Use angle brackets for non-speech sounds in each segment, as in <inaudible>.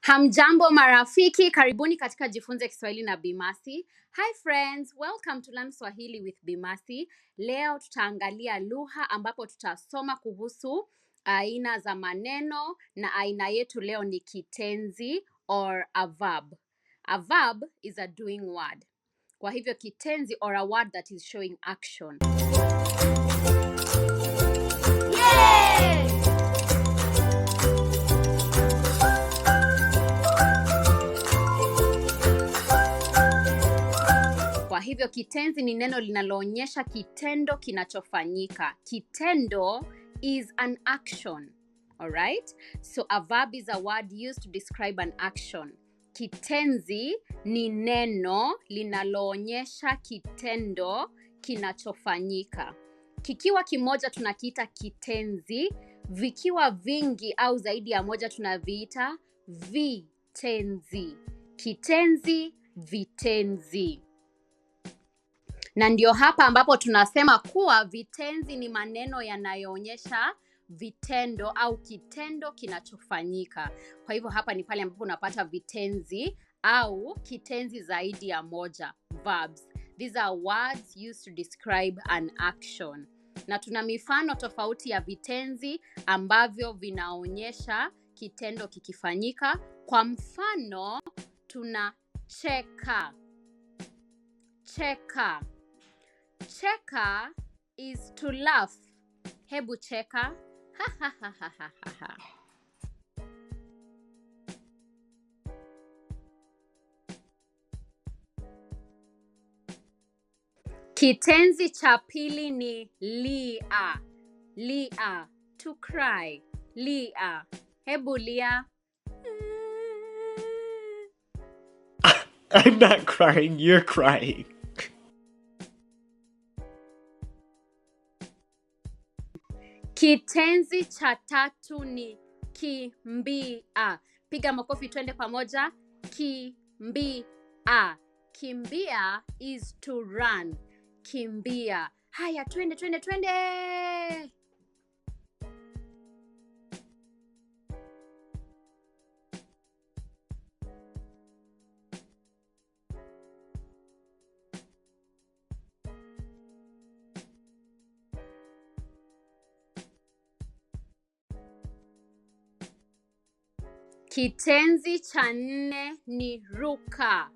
Hamjambo marafiki, karibuni katika Jifunze Kiswahili na Bimasi. Hi friends, welcome to Learn Swahili with Bimasi. Leo tutaangalia lugha ambapo tutasoma kuhusu aina za maneno na aina yetu leo ni kitenzi or a verb. A verb is a doing word. Kwa hivyo kitenzi or a word that is showing action. hivyo kitenzi ni neno linaloonyesha kitendo kinachofanyika. Kitendo is an action. Alright? So a verb is a word used to describe an action. Kitenzi ni neno linaloonyesha kitendo kinachofanyika. Kikiwa kimoja tunakiita kitenzi, vikiwa vingi au zaidi ya moja tunaviita vitenzi. Kitenzi, vitenzi na ndio hapa ambapo tunasema kuwa vitenzi ni maneno yanayoonyesha vitendo au kitendo kinachofanyika. Kwa hivyo hapa ni pale ambapo unapata vitenzi au kitenzi zaidi ya moja verbs. These are words used to describe an action. Na tuna mifano tofauti ya vitenzi ambavyo vinaonyesha kitendo kikifanyika. Kwa mfano, tuna cheka, cheka Cheka is to laugh. Hebu cheka. Ha ha ha ha ha ha ha. Kitenzi cha pili ni lia. Lia, to cry. Lia. Hebu lia. <laughs> I'm not crying, you're crying. Kitenzi cha tatu ni kimbia. Piga makofi twende pamoja. Kimbia. Kimbia is to run. Kimbia. Haya, twende twende twende. Kitenzi cha nne ni ruka.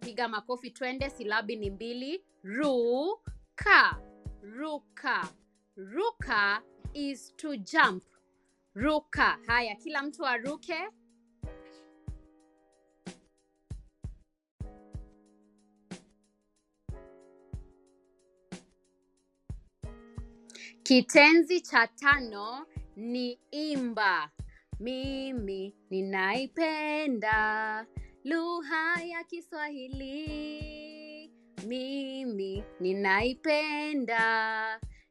Piga makofi twende, silabi ni mbili. Ruka, ruka, ruka is to jump. Ruka. Haya, kila mtu aruke. Kitenzi cha tano ni imba. Mimi ninaipenda lugha ya Kiswahili. Mimi ninaipenda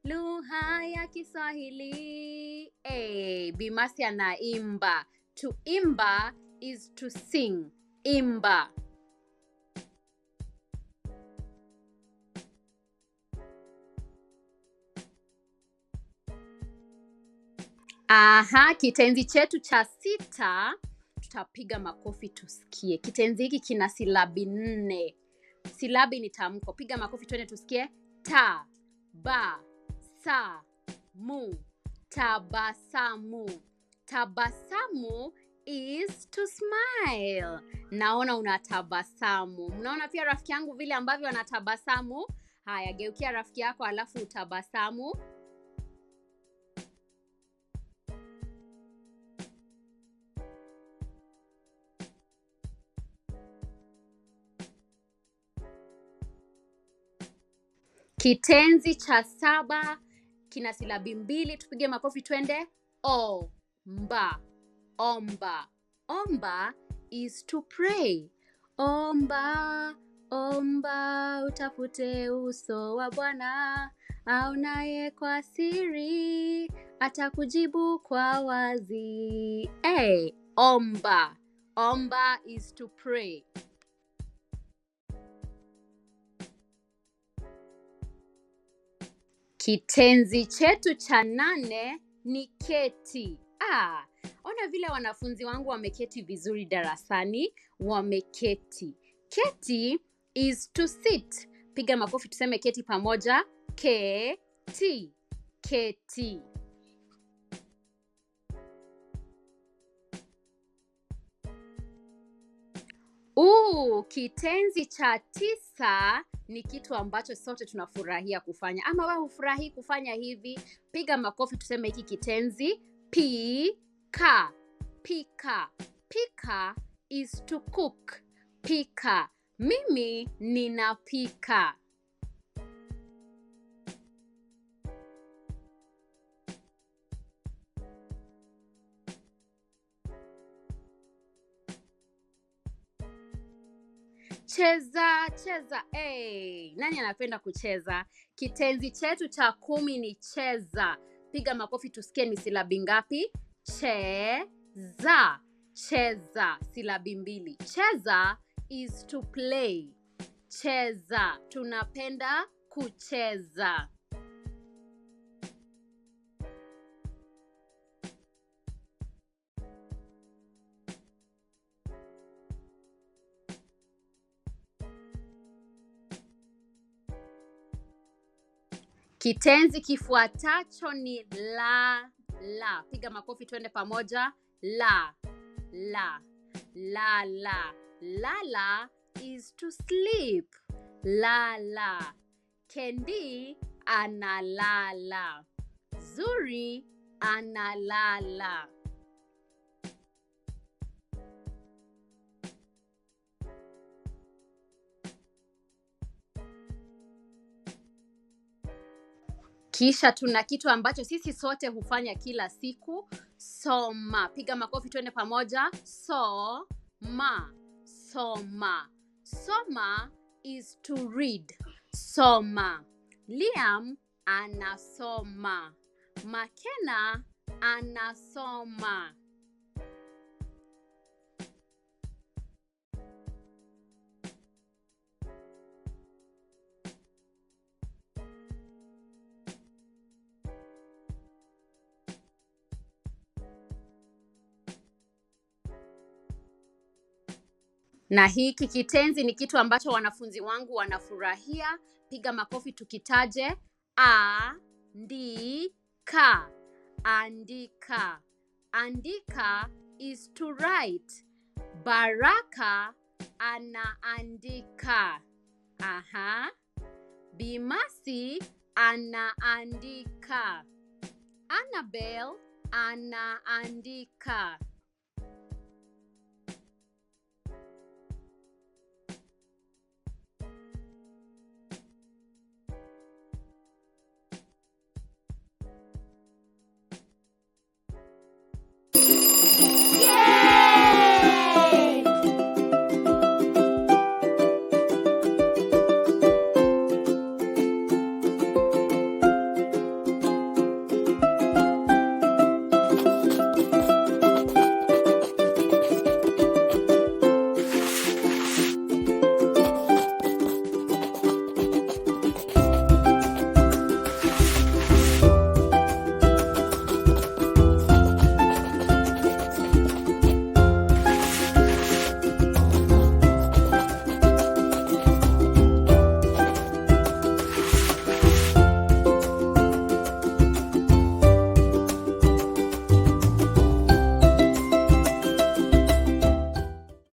lugha ya Kiswahili. Hey, eh, Bimasi anaimba. To imba is to sing. Imba. Aha, kitenzi chetu cha sita tutapiga makofi tusikie. Kitenzi hiki kina silabi nne. Silabi ni tamko. Piga makofi twende tusikie: ta ba sa mu, tabasamu. Tabasamu is to smile. Naona unatabasamu. Mnaona pia rafiki yangu vile ambavyo anatabasamu. Haya, geukia rafiki yako alafu utabasamu. Kitenzi cha saba kina silabi mbili, tupige makofi twende. O, mba, omba. Omba is to pray. Omba, omba, utafute uso wa Bwana aonaye kwa siri atakujibu kwa wazi. Hey, omba. Omba is to pray. Kitenzi chetu cha nane ni keti. Ah, ona vile wanafunzi wangu wameketi vizuri darasani, wameketi. Keti is to sit. Piga makofi tuseme keti pamoja. Keti, keti. Uu, kitenzi cha tisa ni kitu ambacho sote tunafurahia kufanya. Ama wewe hufurahii kufanya hivi? Piga makofi tuseme hiki kitenzi pika. Pika. Pika is to cook. Pika. Mimi ninapika. cheza cheza. Hey, nani anapenda kucheza? Kitenzi chetu cha kumi ni cheza. Piga makofi tusikie ni silabi ngapi? Cheza, cheza, silabi mbili. Cheza is to play. Cheza, tunapenda kucheza. Kitenzi kifuatacho ni la la. Piga makofi twende pamoja. La la la la. Lala is to sleep. Lala. Kendi analala. Zuri analala. Kisha tuna kitu ambacho sisi sote hufanya kila siku, soma. Piga makofi tuende pamoja. Soma, soma, soma is to read. Soma. Liam anasoma. Makena anasoma. na hiki kitenzi ni kitu ambacho wanafunzi wangu wanafurahia. Piga makofi tukitaje. A ndi ka, andika. Andika is to write. Baraka anaandika. Aha. Bimasi anaandika. Annabel anaandika.